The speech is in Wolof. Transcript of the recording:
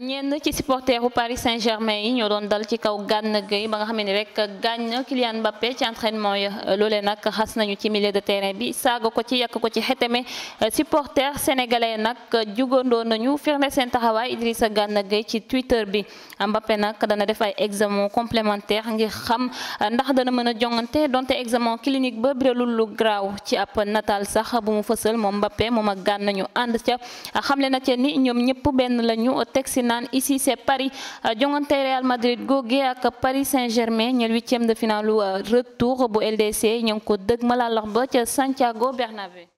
ñenn ci supporteru Paris Saint-Germain yi ñoo doon dal ci kaw Gana Gueye ba nga xam ne rek gaañ Kylian Mbappé ci entraînement ya loolee nag xas nañu ci milieu de terrain bi saaga ko ci yàq ko ci xeteme supporter sénégalais nag jugandoo nañu firnde seen taxawaay Idrissa Gana Gueye ci Twitter bi Mbappé nag dana def ay examen complémentaire ngir xam ndax dana mën a jongante donte examen clinique ba biralul lu graaw ci ab nataal sax bu mu fësal moom Mbappé moom ak Gana na ca ni ñoom ñëpp benn lañu naan ici c'est Paris euh, jongante Real Madrid googee ak Paris Saint-Germain ñel huitième de finale euh, retour bu LDC ñu ngi ko dëgmal ba ca Santiago Bernabéu